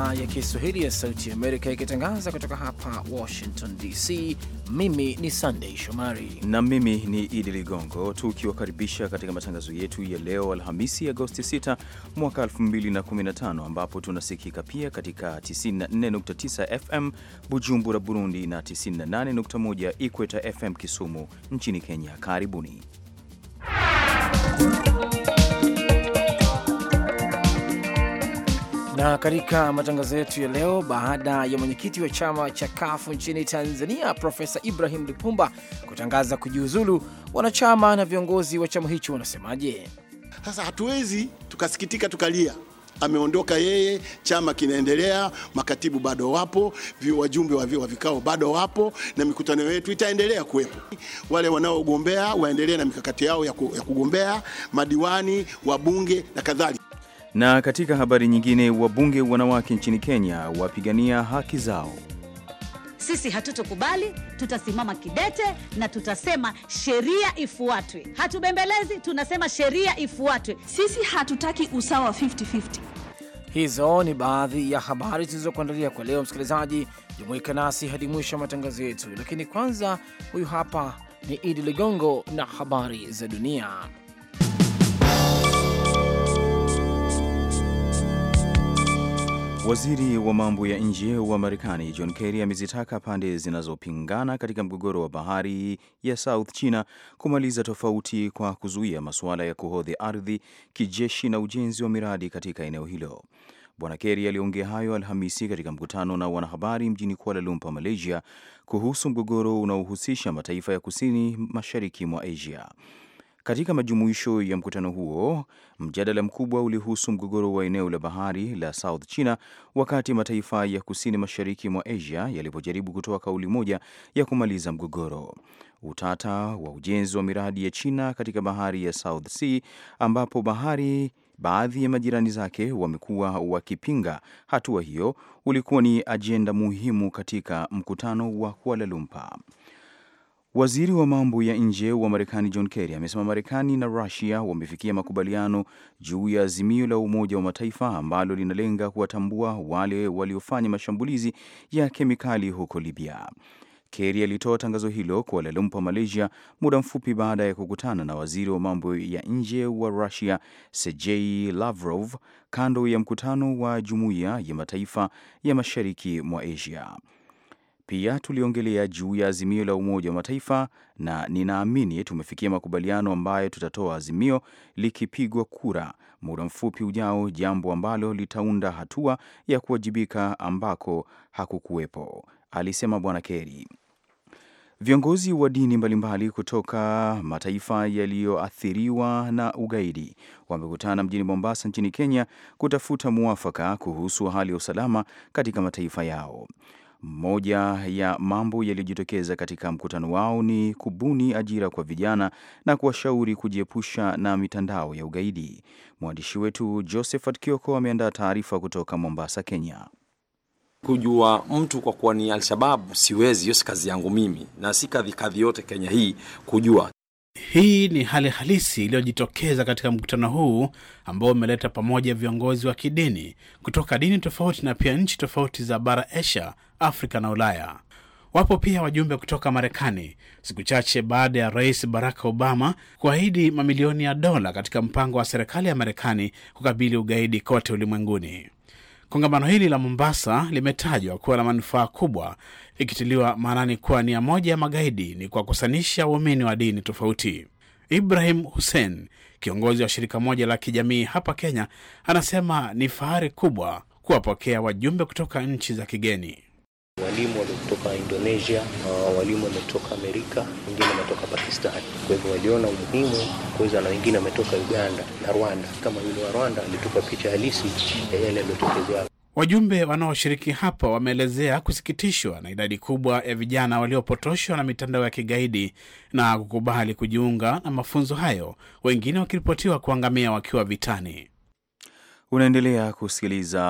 idhaa ya Kiswahili ya Sauti ya Amerika ikitangaza kutoka hapa Washington DC. Mimi ni Sandei Shomari na mimi ni Idi Ligongo, tukiwakaribisha katika matangazo yetu ya leo Alhamisi, Agosti 6 mwaka 2015, ambapo tunasikika pia katika 94.9 FM Bujumbura, Burundi na 98.1 Ikweta FM Kisumu nchini Kenya. Karibuni Na katika matangazo yetu ya leo, baada ya mwenyekiti wa chama cha kafu nchini Tanzania Profesa Ibrahim Lipumba kutangaza kujiuzulu, wanachama na viongozi wa chama hicho wanasemaje? Sasa hatuwezi tukasikitika tukalia, ameondoka yeye, chama kinaendelea, makatibu bado wapo, wajumbe wa vikao bado wapo, na mikutano yetu itaendelea kuwepo. Wale wanaogombea waendelee na mikakati yao ya kugombea, madiwani, wabunge na kadhalika. Na katika habari nyingine, wabunge wanawake nchini Kenya wapigania haki zao. Sisi hatutokubali, tutasimama kidete na tutasema sheria ifuatwe. Hatubembelezi, tunasema sheria ifuatwe. Sisi hatutaki usawa 50-50. Hizo ni baadhi ya habari zilizokuandalia kwa leo. Msikilizaji, jumuika nasi hadi mwisho wa matangazo yetu, lakini kwanza, huyu hapa ni Idi Ligongo na habari za dunia. Waziri wa mambo ya nje wa Marekani John Kerry amezitaka pande zinazopingana katika mgogoro wa bahari ya South China kumaliza tofauti kwa kuzuia masuala ya kuhodhi ardhi kijeshi na ujenzi wa miradi katika eneo hilo. Bwana Kerry aliongea hayo Alhamisi katika mkutano na wanahabari mjini Kuala Lumpur, Malaysia, kuhusu mgogoro unaohusisha mataifa ya kusini mashariki mwa Asia. Katika majumuisho ya mkutano huo, mjadala mkubwa ulihusu mgogoro wa eneo la bahari la South China, wakati mataifa ya kusini mashariki mwa Asia yalipojaribu kutoa kauli moja ya kumaliza mgogoro. Utata wa ujenzi wa miradi ya China katika bahari ya South Sea, ambapo bahari baadhi ya majirani zake wamekuwa wakipinga hatua wa hiyo, ulikuwa ni ajenda muhimu katika mkutano wa Kuala Lumpur. Waziri wa mambo ya nje wa Marekani John Kerry amesema Marekani na Rusia wamefikia makubaliano juu ya azimio la Umoja wa Mataifa ambalo linalenga kuwatambua wale waliofanya mashambulizi ya kemikali huko Libya. Kerry alitoa tangazo hilo kwa lalumpa Malaysia, muda mfupi baada ya kukutana na waziri wa mambo ya nje wa Rusia Sergei Lavrov kando ya mkutano wa Jumuiya ya Mataifa ya Mashariki mwa Asia. Pia tuliongelea juu ya azimio la Umoja wa Mataifa na ninaamini tumefikia makubaliano ambayo tutatoa azimio likipigwa kura muda mfupi ujao, jambo ambalo litaunda hatua ya kuwajibika ambako hakukuwepo, alisema Bwana Kerry. Viongozi wa dini mbalimbali kutoka mataifa yaliyoathiriwa na ugaidi wamekutana mjini Mombasa nchini Kenya kutafuta mwafaka kuhusu hali ya usalama katika mataifa yao. Moja ya mambo yaliyojitokeza katika mkutano wao ni kubuni ajira kwa vijana na kuwashauri kujiepusha na mitandao ya ugaidi. Mwandishi wetu Josephat Kioko ameandaa taarifa kutoka Mombasa, Kenya. Kujua mtu kwa kuwa ni Alshababu siwezi, hiyo si kazi yangu mimi, na si kadhi kadhi yote Kenya hii kujua. Hii ni hali halisi iliyojitokeza katika mkutano huu ambao umeleta pamoja viongozi wa kidini kutoka dini tofauti na pia nchi tofauti za bara Asia, Afrika na Ulaya. Wapo pia wajumbe kutoka Marekani, siku chache baada ya Rais Barack Obama kuahidi mamilioni ya dola katika mpango wa serikali ya Marekani kukabili ugaidi kote ulimwenguni. Kongamano hili la Mombasa limetajwa kuwa na manufaa kubwa, ikitiliwa maanani kuwa nia moja ya magaidi ni kuwakusanisha waumini wa dini tofauti. Ibrahim Hussein, kiongozi wa shirika moja la kijamii hapa Kenya, anasema ni fahari kubwa kuwapokea wajumbe kutoka nchi za kigeni walimu waliotoka Indonesia, uh, walimu wametoka Amerika, wengine wametoka pakistan Kwa hivyo waliona umuhimu kuweza, na wengine wametoka Uganda na Rwanda, kama yule wa Rwanda alitupa picha halisi ya yale yaliyotokezea. Wajumbe wanaoshiriki hapa wameelezea kusikitishwa na idadi kubwa ya vijana waliopotoshwa na mitandao ya kigaidi na kukubali kujiunga na mafunzo hayo, wengine wakiripotiwa kuangamia wakiwa vitani. Unaendelea kusikiliza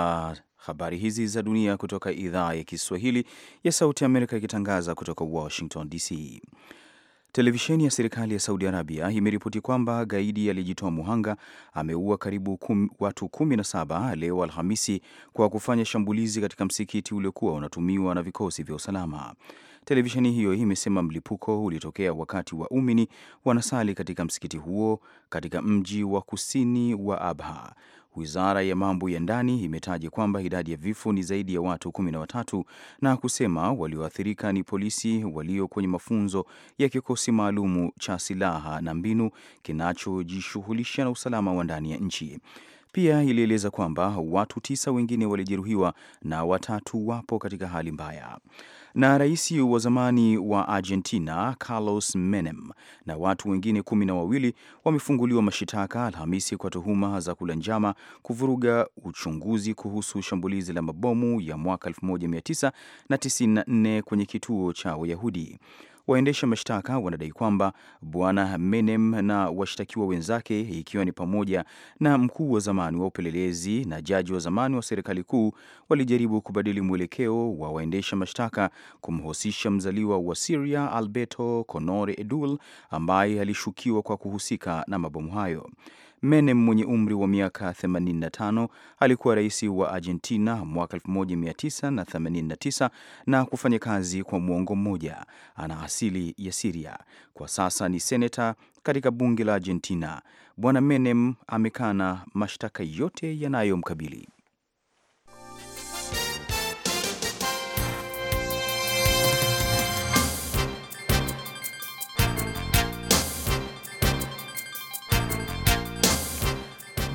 Habari hizi za dunia kutoka idhaa ya Kiswahili ya Sauti Amerika ikitangaza kutoka Washington DC. Televisheni ya serikali ya Saudi Arabia imeripoti kwamba gaidi aliyejitoa muhanga ameua karibu kum, watu 17 leo Alhamisi kwa kufanya shambulizi katika msikiti uliokuwa unatumiwa na vikosi vya usalama. Televisheni hiyo imesema mlipuko ulitokea wakati wa umini wanasali katika msikiti huo katika mji wa kusini wa Abha. Wizara ya mambo ya ndani imetaja kwamba idadi ya vifo ni zaidi ya watu kumi na watatu na kusema walioathirika ni polisi walio kwenye mafunzo ya kikosi maalumu cha silaha na mbinu kinachojishughulisha na usalama wa ndani ya nchi. Pia ilieleza kwamba watu tisa wengine walijeruhiwa na watatu wapo katika hali mbaya na rais wa zamani wa Argentina Carlos Menem na watu wengine kumi na wawili wamefunguliwa mashitaka Alhamisi kwa tuhuma za kula njama, kuvuruga uchunguzi kuhusu shambulizi la mabomu ya mwaka 1994 kwenye kituo cha Wayahudi. Waendesha mashtaka wanadai kwamba Bwana Menem na washtakiwa wenzake, ikiwa ni pamoja na mkuu wa zamani wa upelelezi na jaji wa zamani wa serikali kuu, walijaribu kubadili mwelekeo wa waendesha mashtaka kumhusisha mzaliwa wa siria Alberto Conore Edul ambaye alishukiwa kwa kuhusika na mabomu hayo. Menem mwenye umri wa miaka 85 alikuwa rais wa Argentina mwaka 1989 na, na kufanya kazi kwa muongo mmoja. Ana asili ya Siria. Kwa sasa ni seneta katika bunge la Argentina. Bwana Menem amekana mashtaka yote yanayomkabili.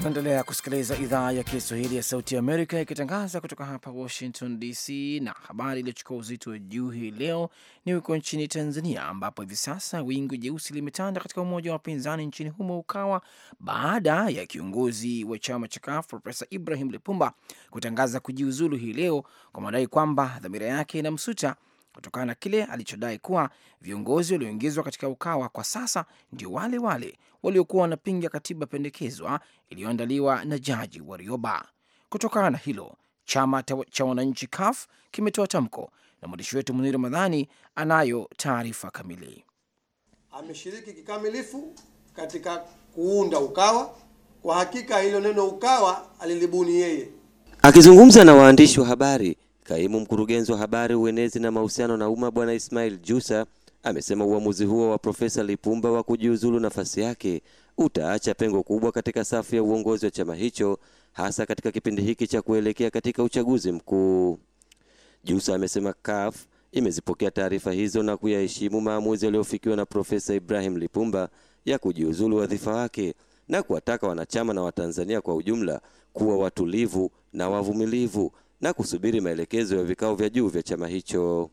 Tunaendelea kusikiliza idhaa ya Kiswahili ya Sauti ya Amerika ikitangaza kutoka hapa Washington DC, na habari iliyochukua uzito wa juu hii leo ni huko nchini Tanzania, ambapo hivi sasa wingu jeusi limetanda katika umoja wa wapinzani nchini humo, Ukawa, baada ya kiongozi wa chama cha CUF Profesa Ibrahim Lipumba kutangaza kujiuzulu hii leo kwa madai kwamba dhamira yake inamsuta kutokana na kile alichodai kuwa viongozi walioingizwa katika Ukawa kwa sasa ndio wale wale waliokuwa wanapinga katiba pendekezwa iliyoandaliwa na Jaji Warioba. Kutokana na hilo, chama cha wananchi CUF kimetoa tamko, na mwandishi wetu Munir Ramadhani anayo taarifa kamili. Ameshiriki kikamilifu katika kuunda Ukawa. Kwa hakika hilo neno Ukawa alilibuni yeye. Akizungumza na waandishi wa habari Kaimu mkurugenzi wa habari, uenezi na mahusiano na umma Bwana Ismail Jusa amesema uamuzi huo wa Profesa Lipumba wa kujiuzulu nafasi yake utaacha pengo kubwa katika safu ya uongozi wa chama hicho hasa katika kipindi hiki cha kuelekea katika uchaguzi mkuu. Jusa amesema CUF imezipokea taarifa hizo na kuyaheshimu maamuzi yaliyofikiwa na Profesa Ibrahim Lipumba ya kujiuzulu wadhifa wake na kuwataka wanachama na Watanzania kwa ujumla kuwa watulivu na wavumilivu na kusubiri maelekezo ya vikao vya juu vya chama hicho.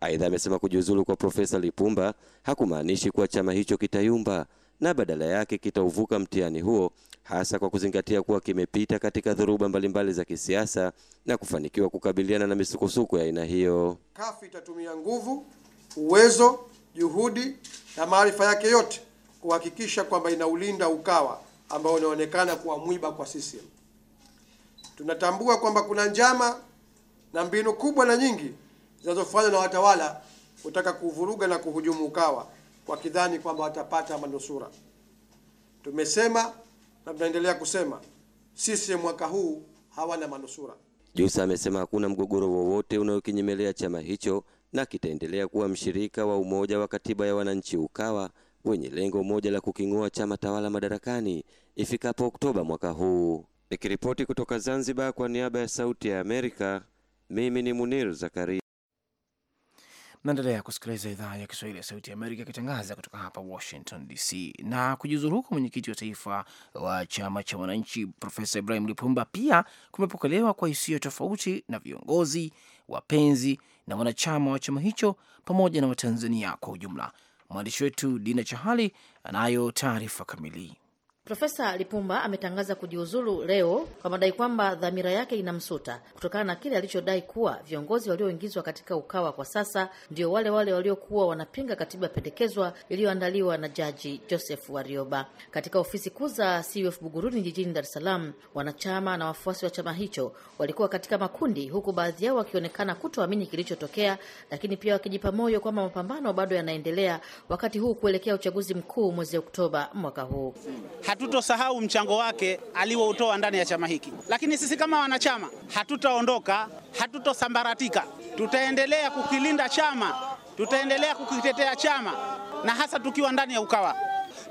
Aidha, amesema kujiuzulu kwa Profesa Lipumba hakumaanishi kuwa chama hicho kitayumba na badala yake kitauvuka mtihani huo, hasa kwa kuzingatia kuwa kimepita katika dhoruba mbalimbali za kisiasa na kufanikiwa kukabiliana na misukosuko ya aina hiyo. Kafu itatumia nguvu, uwezo, juhudi na maarifa yake yote kuhakikisha kwamba inaulinda Ukawa ambao unaonekana kuwa mwiba kwa CCM tunatambua kwamba kuna njama na mbinu kubwa na nyingi zinazofanywa na watawala kutaka kuvuruga na kuhujumu Ukawa wakidhani kwamba watapata manusura. Tumesema na tunaendelea kusema sisi mwaka huu hawana manusura. jusa amesema hakuna mgogoro wowote unaokinyemelea chama hicho na kitaendelea kuwa mshirika wa Umoja wa Katiba ya Wananchi Ukawa wenye lengo moja la kuking'oa chama tawala madarakani ifikapo Oktoba mwaka huu. Nikiripoti kutoka Zanzibar kwa niaba ya Sauti ya Amerika, mimi ni Munir Zakaria. Naendelea kusikiliza idhaa ya Kiswahili ya Sauti ya Amerika ikitangaza kutoka hapa Washington DC. Na kujiuzulu huko mwenyekiti wa taifa wa chama cha wananchi Profesa Ibrahim Lipumba pia kumepokelewa kwa hisia tofauti na viongozi, wapenzi na wanachama wa chama hicho pamoja na Watanzania kwa ujumla. Mwandishi wetu Dina Chahali anayo taarifa kamili. Profesa Lipumba ametangaza kujiuzulu leo kwa madai kwamba dhamira yake inamsuta kutokana na kile alichodai kuwa viongozi walioingizwa katika Ukawa kwa sasa ndio wale wale waliokuwa wanapinga katiba pendekezwa iliyoandaliwa na Jaji Joseph Warioba. Katika ofisi kuu za CUF Buguruni jijini Dar es Salaam, wanachama na wafuasi wa chama hicho walikuwa katika makundi, huku baadhi yao wakionekana kutoamini kilichotokea, lakini pia wakijipa moyo kwamba mapambano bado yanaendelea wakati huu kuelekea uchaguzi mkuu mwezi Oktoba mwaka huu. Hmm hatutosahau mchango wake aliwoutoa ndani ya chama hiki, lakini sisi kama wanachama hatutaondoka, hatutosambaratika, tutaendelea kukilinda chama, tutaendelea kukitetea chama na hasa tukiwa ndani ya Ukawa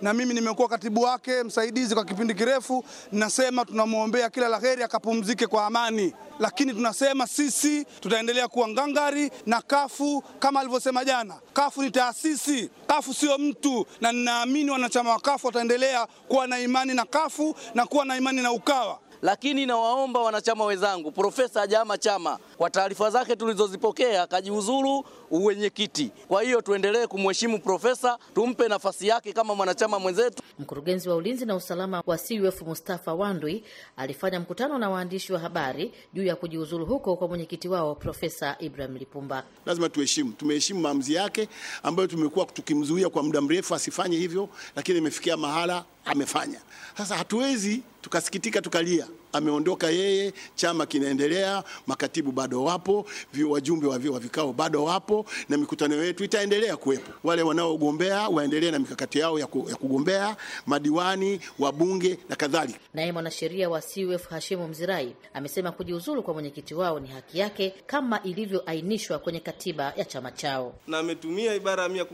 na mimi nimekuwa katibu wake msaidizi kwa kipindi kirefu. Nasema tunamwombea kila laheri, akapumzike kwa amani, lakini tunasema sisi tutaendelea kuwa ngangari na kafu. Kama alivyosema jana, kafu ni taasisi, kafu sio mtu, na ninaamini wanachama wa kafu wataendelea kuwa na imani na kafu na kuwa na imani na Ukawa lakini nawaomba wanachama wenzangu, Profesa Jama Chama kwa taarifa zake tulizozipokea kajiuzuru uwenyekiti. Kwa hiyo tuendelee kumheshimu profesa, tumpe nafasi yake kama mwanachama mwenzetu. Mkurugenzi wa ulinzi na usalama wa CUF Mustafa Wandwi alifanya mkutano na waandishi wa habari juu ya kujiuzuru huko kwa mwenyekiti wao Profesa Ibrahim Lipumba. Lazima tuheshimu, tumeheshimu maamuzi yake ambayo tumekuwa tukimzuia kwa muda mrefu asifanye hivyo, lakini imefikia mahala amefanya. Sasa hatuwezi tukasikitika, tukalia. Ameondoka yeye, chama kinaendelea, makatibu bado wapo, wajumbe wa vikao bado wapo, na mikutano yetu itaendelea kuwepo. Wale wanaogombea waendelee na mikakati yao ya kugombea, madiwani, wabunge na kadhalika. Naye mwanasheria wa CUF Hashimu Mzirai amesema kujiuzulu kwa mwenyekiti wao ni haki yake kama ilivyoainishwa kwenye katiba ya chama chao, na ametumia ibara ya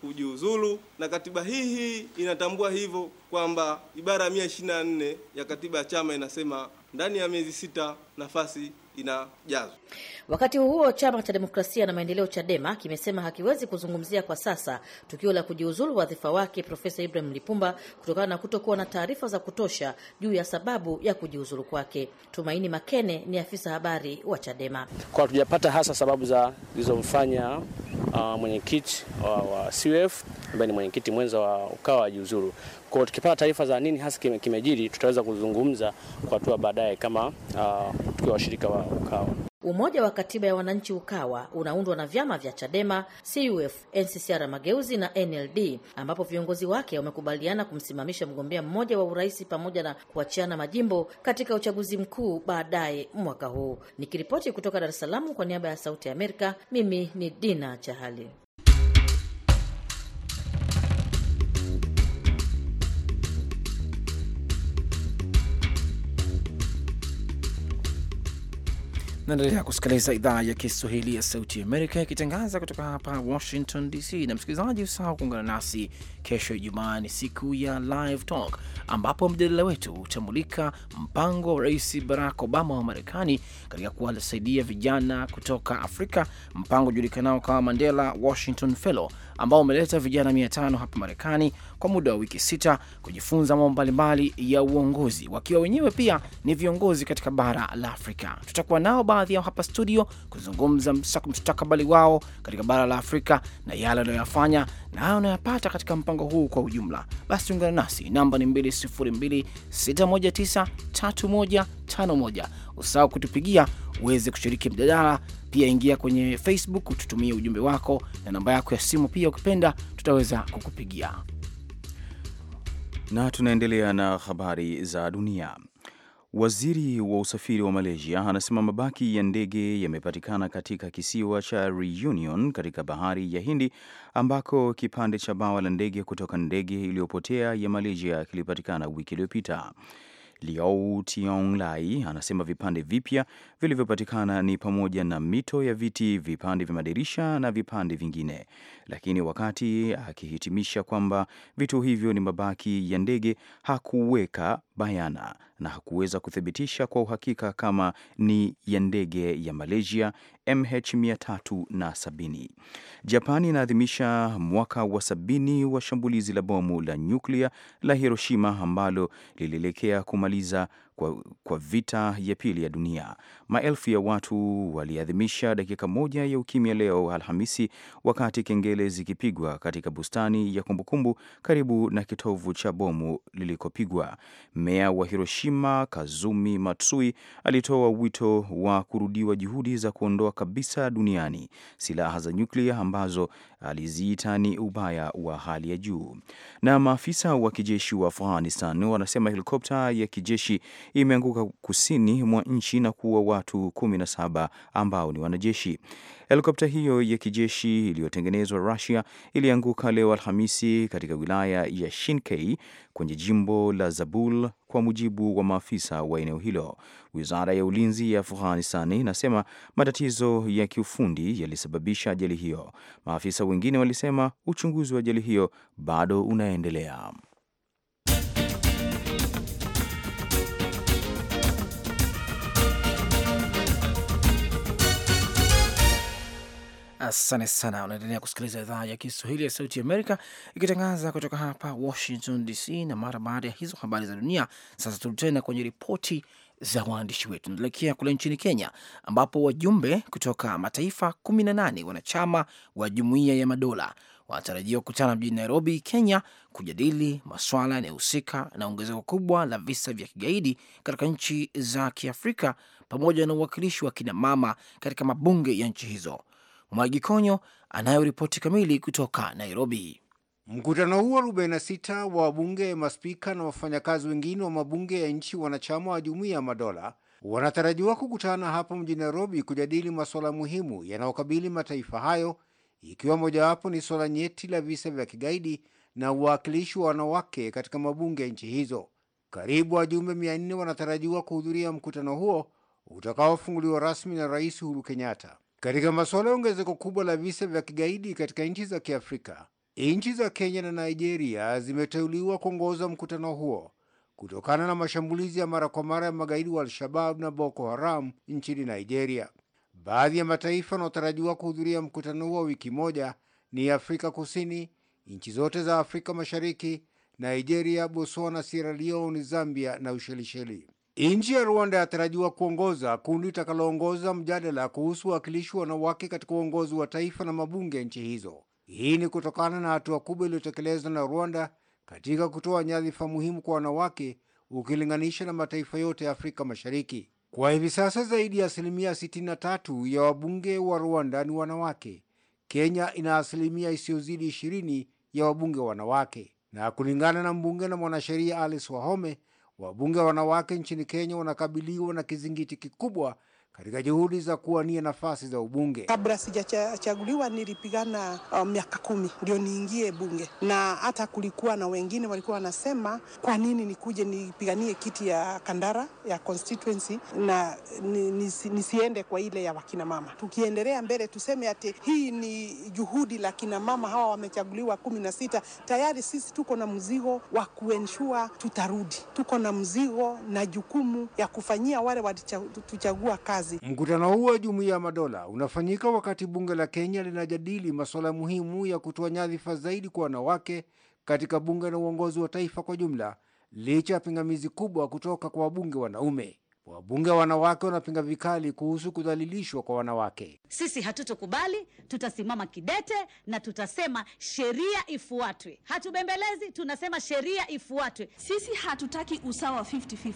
kujiuzulu, na katiba hii hii inatambua hivyo kwamba ibara ya mia ya katiba ya chama inasema ndani ya miezi sita nafasi inajazwa. Wakati huo chama cha demokrasia na maendeleo Chadema kimesema hakiwezi kuzungumzia kwa sasa tukio la kujiuzulu wadhifa wake Profesa Ibrahim Lipumba kutokana na kutokuwa na taarifa za kutosha juu ya sababu ya kujiuzulu kwake. Tumaini Makene ni afisa habari wa Chadema. Kwa hatujapata hasa sababu za zilizomfanya uh, mwenyekiti uh, wa, wa CUF ambaye ni mwenyekiti mwenza wa Ukawa ajiuzulu. Kwa tukipata taarifa za nini hasa kime, kimejiri tutaweza kuzungumza kwa hatua baadaye kama uh, tukiwa washirika wa UKAWA. Umoja wa Katiba ya Wananchi UKAWA unaundwa na vyama vya CHADEMA, CUF, NCCR Mageuzi na NLD, ambapo viongozi wake wamekubaliana kumsimamisha mgombea mmoja wa urais pamoja na kuachiana majimbo katika uchaguzi mkuu baadaye mwaka huu. Nikiripoti kutoka Dar es Salaam kwa niaba ya Sauti ya Amerika, mimi ni Dina Chahali. Naendelea kusikiliza idhaa ya Kiswahili ya Sauti Amerika ikitangaza kutoka hapa Washington DC. Na msikilizaji, usahau kuungana nasi kesho Ijumaa, ni siku ya Live Talk ambapo mjadala wetu utamulika mpango wa Rais Barack Obama wa Marekani katika kuwasaidia vijana kutoka Afrika, mpango ujulikanao kama Mandela Washington Fellow ambao umeleta vijana mia tano hapa Marekani kwa muda wa wiki sita kujifunza mambo mbalimbali ya uongozi, wakiwa wenyewe pia ni viongozi katika bara la Afrika. Tutakuwa nao baadhi yao hapa studio kuzungumza mstakabali wao katika bara la Afrika na yale wanayoyafanya na hayo unayapata katika mpango huu kwa ujumla. Basi ungana nasi, namba ni 2026193151. Usahau kutupigia uweze kushiriki mjadala pia. Ingia kwenye Facebook ututumie ujumbe wako na namba yako ya simu pia, ukipenda tutaweza kukupigia. Na tunaendelea na habari za dunia. Waziri wa usafiri wa Malaysia anasema mabaki ya ndege yamepatikana katika kisiwa cha Reunion katika bahari ya Hindi ambako kipande cha bawa la ndege kutoka ndege iliyopotea ya Malaysia kilipatikana wiki iliyopita. Liao Tiong Lai anasema vipande vipya vilivyopatikana ni pamoja na mito ya viti, vipande vya madirisha na vipande vingine, lakini wakati akihitimisha kwamba vitu hivyo ni mabaki ya ndege, hakuweka bayana na hakuweza kuthibitisha kwa uhakika kama ni ya ndege ya Malaysia MH370. Japani inaadhimisha mwaka wa sabini wa shambulizi la bomu la nyuklia la Hiroshima ambalo lilielekea kumaliza kwa, kwa vita ya pili ya dunia. Maelfu ya watu waliadhimisha dakika moja ya ukimya leo Alhamisi, wakati kengele zikipigwa katika bustani ya kumbukumbu karibu na kitovu cha bomu lilikopigwa. Meya wa Hiroshima Kazumi Matsui alitoa wito wa kurudiwa juhudi za kuondoa kabisa duniani silaha za nyuklia ambazo aliziita ni ubaya wa hali ya juu. Na maafisa wa kijeshi wa Afghanistan wanasema helikopta ya kijeshi imeanguka kusini mwa nchi na kuua watu 17 ambao ni wanajeshi. Helikopta hiyo ya kijeshi iliyotengenezwa Rusia ilianguka leo Alhamisi katika wilaya ya Shinkei kwenye jimbo la Zabul kwa mujibu wa maafisa wa eneo hilo. Wizara ya ulinzi ya afghanistani inasema matatizo ya kiufundi yalisababisha ajali hiyo. Maafisa wengine walisema uchunguzi wa ajali hiyo bado unaendelea. Asante sana. Unaendelea kusikiliza idhaa ya Kiswahili ya Sauti Amerika ikitangaza kutoka hapa Washington DC, na mara baada ya hizo habari za dunia, sasa turudi tena kwenye ripoti za waandishi wetu. unaelekea kule nchini Kenya ambapo wajumbe kutoka mataifa 18 wanachama wa Jumuiya ya Madola wanatarajiwa kukutana mjini Nairobi, Kenya, kujadili maswala yanayohusika na ongezeko kubwa la visa vya kigaidi katika nchi za Kiafrika pamoja na uwakilishi wa kinamama katika mabunge ya nchi hizo. Mwagikonyo anayoripoti kamili kutoka Nairobi. Mkutano huo 46 wa wabunge, maspika na wafanyakazi wengine wa mabunge ya nchi wanachama wa Jumuiya ya Madola wanatarajiwa kukutana hapa mjini Nairobi kujadili masuala muhimu yanayokabili mataifa hayo, ikiwa mojawapo ni suala nyeti la visa vya kigaidi na uwakilishi wa wanawake katika mabunge ya nchi hizo. Karibu wajumbe 400 wanatarajiwa kuhudhuria mkutano huo utakaofunguliwa rasmi na Rais Uhuru Kenyatta. Katika masuala ya ongezeko kubwa la visa vya kigaidi katika nchi za Kiafrika, nchi za Kenya na Nigeria zimeteuliwa kuongoza mkutano huo kutokana na mashambulizi ya mara kwa mara ya magaidi wa Al-Shabab na Boko Haram nchini Nigeria. Baadhi ya mataifa yanayotarajiwa kuhudhuria mkutano huo wiki moja ni Afrika Kusini, nchi zote za Afrika Mashariki, Nigeria, Botswana, Sierra Leone, Zambia na Ushelisheli. Nchi ya Rwanda yatarajiwa kuongoza kundi itakaloongoza mjadala kuhusu uwakilishi wa wanawake katika uongozi wa taifa na mabunge ya nchi hizo. Hii ni kutokana na hatua kubwa iliyotekelezwa na Rwanda katika kutoa nyadhifa muhimu kwa wanawake ukilinganisha na mataifa yote ya Afrika Mashariki. Kwa hivi sasa zaidi ya asilimia 63 ya wabunge wa Rwanda ni wanawake. Kenya ina asilimia isiyozidi 20 ya wabunge wanawake, na kulingana na mbunge na mwanasheria Alice Wahome Wabunge wanawake nchini Kenya wanakabiliwa na kizingiti kikubwa katika juhudi za kuwania nafasi za ubunge. Kabla sijachaguliwa nilipigana uh, miaka um, kumi ndio niingie bunge, na hata kulikuwa na wengine walikuwa wanasema kwa nini nikuje nipiganie kiti ya Kandara ya constituency na nisiende kwa ile ya wakinamama. Tukiendelea mbele tuseme ati hii ni juhudi la kinamama hawa wamechaguliwa kumi na sita tayari, sisi tuko na mzigo wa kuenshua tutarudi, tuko na mzigo na jukumu ya kufanyia wale walituchagua kazi kazi. Mkutano huu wa Jumuiya ya Madola unafanyika wakati bunge la Kenya linajadili masuala muhimu ya kutoa nyadhifa zaidi kwa wanawake katika bunge na uongozi wa taifa kwa jumla, licha ya pingamizi kubwa kutoka kwa wabunge wanaume. Wabunge wanawake wanapinga vikali kuhusu kudhalilishwa kwa wanawake. Sisi hatutokubali, tutasimama kidete na tutasema sheria ifuatwe. Hatubembelezi, tunasema sheria ifuatwe. Sisi hatutaki usawa 50-50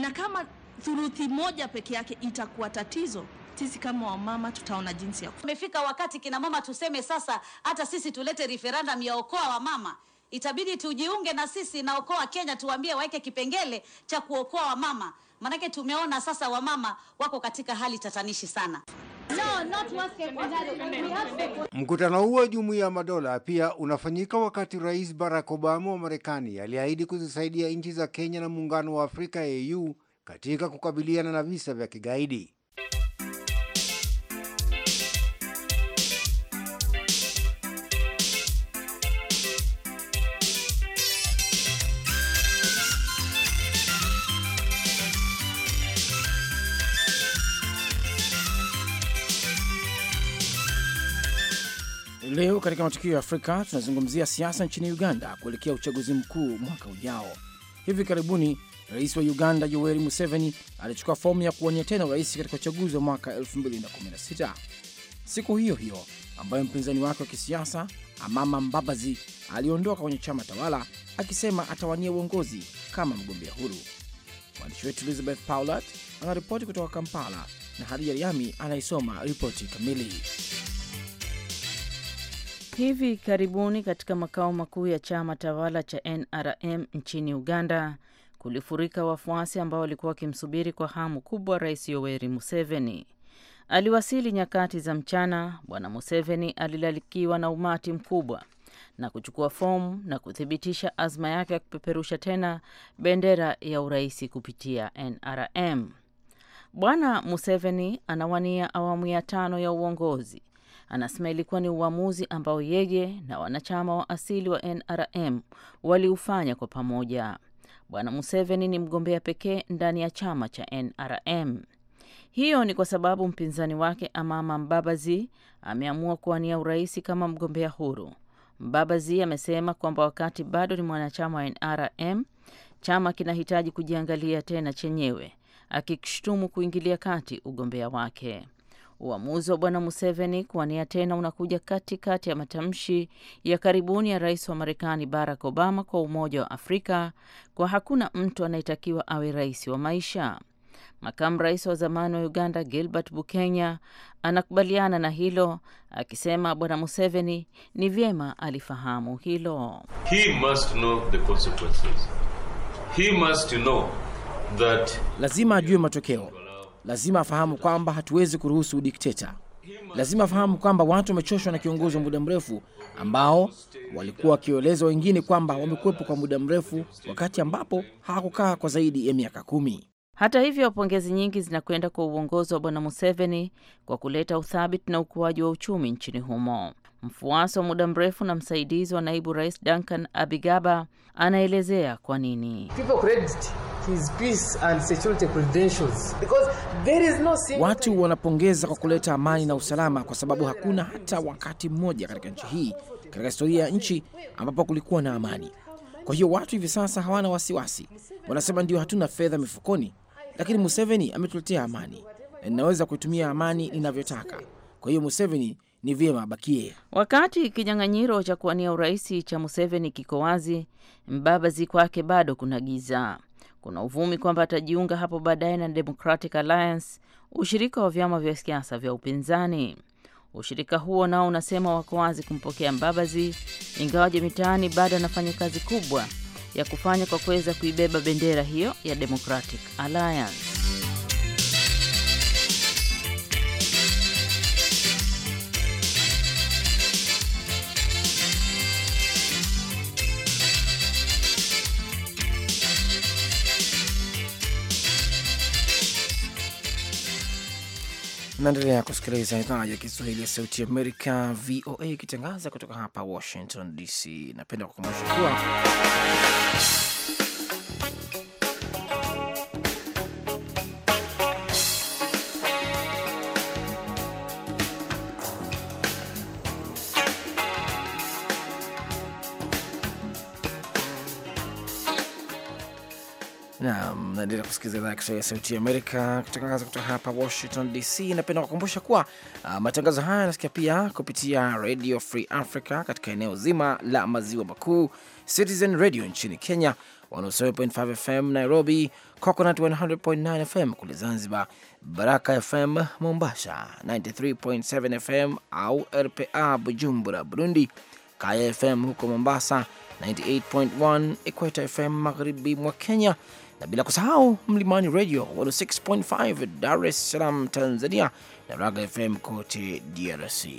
na kama thuruthi moja peke yake itakuwa tatizo. Sisi kama wamama tutaona jinsi ya umefika wakati kina mama tuseme sasa, hata sisi tulete referendum ya okoa wamama. Itabidi tujiunge na sisi na okoa Kenya, tuambie waweke kipengele cha kuokoa wamama, manake tumeona sasa wamama wako katika hali tatanishi sana. Mkutano huo wa Jumuiya ya Madola pia unafanyika wakati Rais Barack Obama wa Marekani aliahidi kuzisaidia nchi za Kenya na Muungano wa Afrika AU katika kukabiliana na visa vya kigaidi. Leo katika matukio ya Afrika tunazungumzia siasa nchini Uganda kuelekea uchaguzi mkuu mwaka ujao. Hivi karibuni Rais wa Uganda Yoweri Museveni alichukua fomu ya kuwania tena urais katika uchaguzi wa mwaka 2016. Siku hiyo hiyo ambayo mpinzani wake wa kisiasa Amama Mbabazi aliondoka kwenye chama tawala akisema atawania uongozi kama mgombea huru. Mwandishi wetu Elizabeth Paulat anaripoti kutoka Kampala na Hadija Riami anaisoma ripoti kamili. Hivi karibuni katika makao makuu ya chama tawala cha NRM nchini Uganda, kulifurika wafuasi ambao walikuwa wakimsubiri kwa hamu kubwa Rais Yoweri Museveni. Aliwasili nyakati za mchana. Bwana Museveni alilalikiwa na umati mkubwa na kuchukua fomu na kuthibitisha azma yake ya kupeperusha tena bendera ya uraisi kupitia NRM. Bwana Museveni anawania awamu ya tano ya uongozi. Anasema ilikuwa ni uamuzi ambao yeye na wanachama wa asili wa NRM waliufanya kwa pamoja. Bwana Museveni ni mgombea pekee ndani ya chama cha NRM. Hiyo ni kwa sababu mpinzani wake Amama Mbabazi ameamua kuwania uraisi kama mgombea huru. Mbabazi amesema kwamba wakati bado ni mwanachama wa NRM, chama kinahitaji kujiangalia tena chenyewe, akishutumu kuingilia kati ugombea wake. Uamuzi wa bwana Museveni kuwania tena unakuja katikati kati ya matamshi ya karibuni ya rais wa Marekani Barack Obama kwa Umoja wa Afrika kwa hakuna mtu anayetakiwa awe rais wa maisha. Makamu rais wa zamani wa Uganda Gilbert Bukenya anakubaliana na hilo akisema bwana Museveni ni vyema alifahamu hilo. He must know the consequences. He must know that... lazima ajue matokeo Lazima afahamu kwamba hatuwezi kuruhusu udikteta. Lazima afahamu kwamba watu wamechoshwa na kiongozi wa muda mrefu ambao walikuwa wakieleza wengine kwamba wamekuwepo kwa muda mrefu, wakati ambapo hawakukaa kwa zaidi ya miaka kumi. Hata hivyo, pongezi nyingi zinakwenda kwa uongozi wa Bwana Museveni kwa kuleta uthabiti na ukuaji wa uchumi nchini humo. Mfuasi wa muda mrefu na msaidizi wa naibu rais Duncan Abigaba anaelezea kwa nini his peace and security credentials because there is no. Watu wanapongeza kwa kuleta amani na usalama, kwa sababu hakuna hata wakati mmoja katika nchi hii, katika historia ya nchi, ambapo kulikuwa na amani. Kwa hiyo watu hivi sasa hawana wasiwasi, wanasema ndio, hatuna fedha mifukoni, lakini Museveni ametuletea amani na ninaweza kuitumia amani ninavyotaka. Kwa hiyo Museveni ni vyema abakie. Wakati kinyang'anyiro cha kuwania urais cha Museveni kiko wazi, Mbabazi kwake bado kuna giza. Kuna uvumi kwamba atajiunga hapo baadaye na Democratic Alliance, ushirika wa vyama vya siasa vya upinzani. Ushirika huo nao unasema wako wazi kumpokea Mbabazi, ingawaje mitaani bado anafanya kazi kubwa ya kufanya kwa kuweza kuibeba bendera hiyo ya Democratic Alliance. Naendelea kusikiliza idhaa ya Kiswahili ya Sauti Amerika, VOA, ikitangaza kutoka hapa Washington DC. Napenda kukumbusha kuwa Unaendelea kusikiliza idhaa ya Kiswahili ya Sauti ya Amerika kutangaza kutoka hapa Washington DC. Napenda kukumbusha kuwa uh, matangazo haya yanasikia pia kupitia Radio Free Africa katika eneo zima la maziwa makuu, Citizen Radio nchini Kenya 107.5 FM Nairobi, Coconut 100.9 FM kule Zanzibar, Baraka FM Mombasa 93.7 FM au RPA Bujumbura Burundi, Kaya FM huko Mombasa 98.1, Equator FM magharibi mwa Kenya na bila kusahau Mlimani Radio 106.5 Dar es Salaam, Tanzania na Raga FM kote DRC.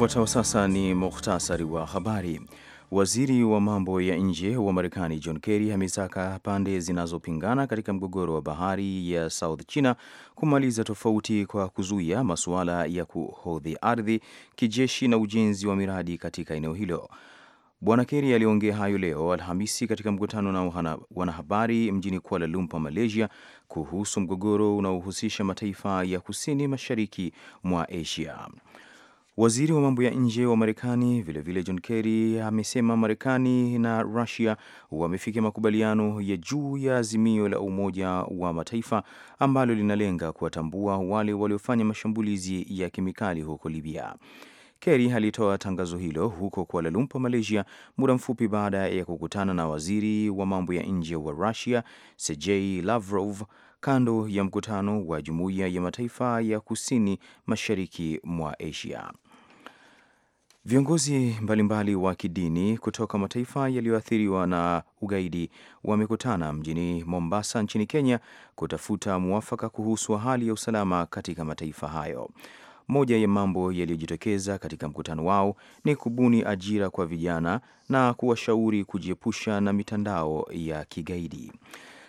Ufuatao sasa ni muhtasari wa habari. Waziri wa mambo ya nje wa Marekani John Kerry amesaka pande zinazopingana katika mgogoro wa bahari ya South China kumaliza tofauti kwa kuzuia masuala ya kuhodhi ardhi kijeshi na ujenzi wa miradi katika eneo hilo. Bwana Kerry aliongea hayo leo Alhamisi katika mkutano na wanahabari mjini Kuala Lumpur, Malaysia, kuhusu mgogoro unaohusisha mataifa ya kusini mashariki mwa Asia. Waziri wa mambo ya nje wa Marekani vilevile John Kerry amesema Marekani na Rusia wamefikia makubaliano ya juu ya azimio la Umoja wa Mataifa ambalo linalenga kuwatambua wale waliofanya mashambulizi ya kemikali huko Libya. Kerry alitoa tangazo hilo huko Kuala Lumpur, Malaysia, muda mfupi baada ya kukutana na waziri wa mambo ya nje wa Rusia Sergei Lavrov kando ya mkutano wa Jumuiya ya Mataifa ya Kusini Mashariki mwa Asia. Viongozi mbalimbali mbali wa kidini kutoka mataifa yaliyoathiriwa na ugaidi wamekutana mjini Mombasa nchini Kenya kutafuta mwafaka kuhusu hali ya usalama katika mataifa hayo. Moja ya mambo yaliyojitokeza katika mkutano wao ni kubuni ajira kwa vijana na kuwashauri kujiepusha na mitandao ya kigaidi.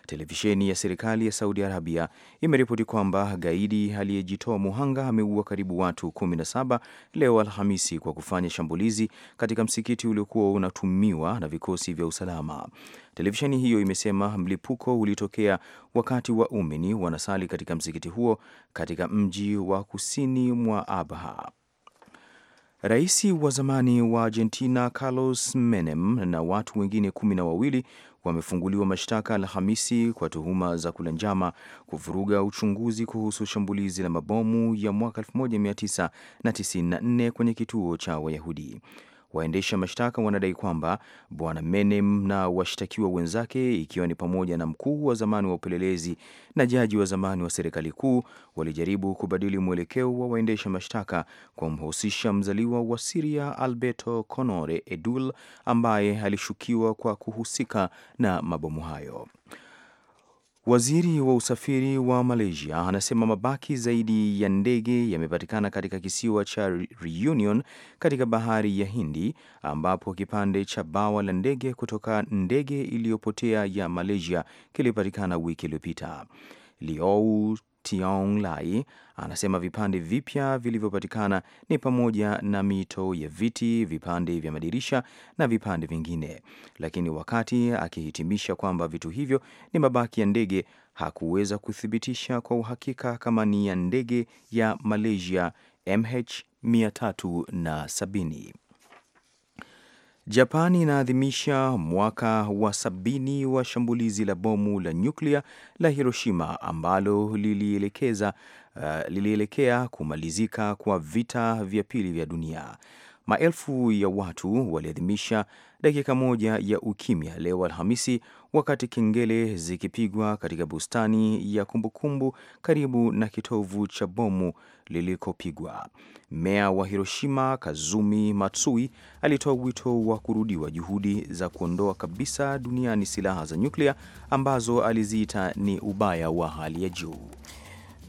Televisheni ya serikali ya Saudi Arabia imeripoti kwamba gaidi aliyejitoa muhanga ameua karibu watu 17 leo Alhamisi kwa kufanya shambulizi katika msikiti uliokuwa unatumiwa na vikosi vya usalama. Televisheni hiyo imesema mlipuko ulitokea wakati waumini wanasali katika msikiti huo katika mji wa kusini mwa Abha. Rais wa zamani wa Argentina Carlos Menem na watu wengine kumi na wawili wamefunguliwa mashtaka Alhamisi kwa tuhuma za kula njama, kuvuruga uchunguzi kuhusu shambulizi la mabomu ya mwaka 1994 kwenye kituo cha Wayahudi. Waendesha mashtaka wanadai kwamba bwana Menem na washtakiwa wenzake, ikiwa ni pamoja na mkuu wa zamani wa upelelezi na jaji wa zamani wa serikali kuu, walijaribu kubadili mwelekeo wa waendesha mashtaka kwa kumhusisha mzaliwa wa Siria Alberto Conore Edul ambaye alishukiwa kwa kuhusika na mabomu hayo. Waziri wa usafiri wa Malaysia anasema mabaki zaidi ya ndege yamepatikana katika kisiwa cha Reunion katika bahari ya Hindi ambapo kipande cha bawa la ndege kutoka ndege iliyopotea ya Malaysia kilipatikana wiki iliyopita. Liou Tiong Lai anasema vipande vipya vilivyopatikana ni pamoja na mito ya viti, vipande vya madirisha na vipande vingine, lakini wakati akihitimisha kwamba vitu hivyo ni mabaki ya ndege, hakuweza kuthibitisha kwa uhakika kama ni ya ndege ya Malaysia MH 370. Japani inaadhimisha mwaka wa sabini wa shambulizi la bomu la nyuklia la Hiroshima ambalo lilielekea uh, lilielekea kumalizika kwa vita vya pili vya dunia. Maelfu ya watu waliadhimisha dakika moja ya ukimya leo Alhamisi wakati kengele zikipigwa katika bustani ya kumbukumbu karibu na kitovu cha bomu lilikopigwa. Meya wa Hiroshima Kazumi Matsui alitoa wito wa kurudiwa juhudi za kuondoa kabisa duniani silaha za nyuklia ambazo aliziita ni ubaya wa hali ya juu.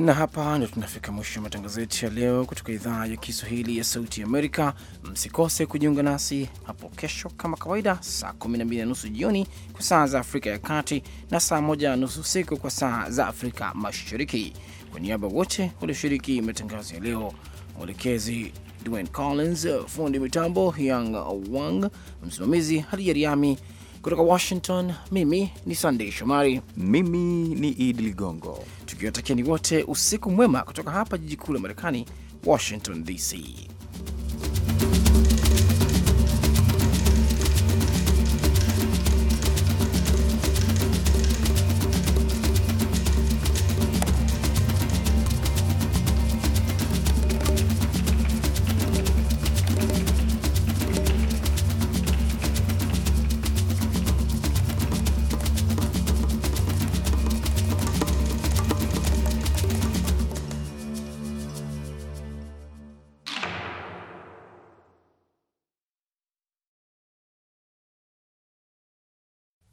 Na hapa ndio tunafika mwisho wa matangazo yetu ya leo kutoka idhaa ya Kiswahili ya Sauti Amerika. Msikose kujiunga nasi hapo kesho kama kawaida, saa 12 na nusu jioni kwa saa za Afrika ya Kati na saa 1 na nusu usiku kwa saa za Afrika Mashariki. Kwa niaba wote walioshiriki matangazo ya leo, mwelekezi Dwayne Collins, fundi mitambo Yang Wang, msimamizi Hadija Riami kutoka Washington, mimi ni Sandey Shomari, mimi ni Idi Ligongo ikiwatakieni wote usiku mwema kutoka hapa jiji kuu la Marekani, Washington DC.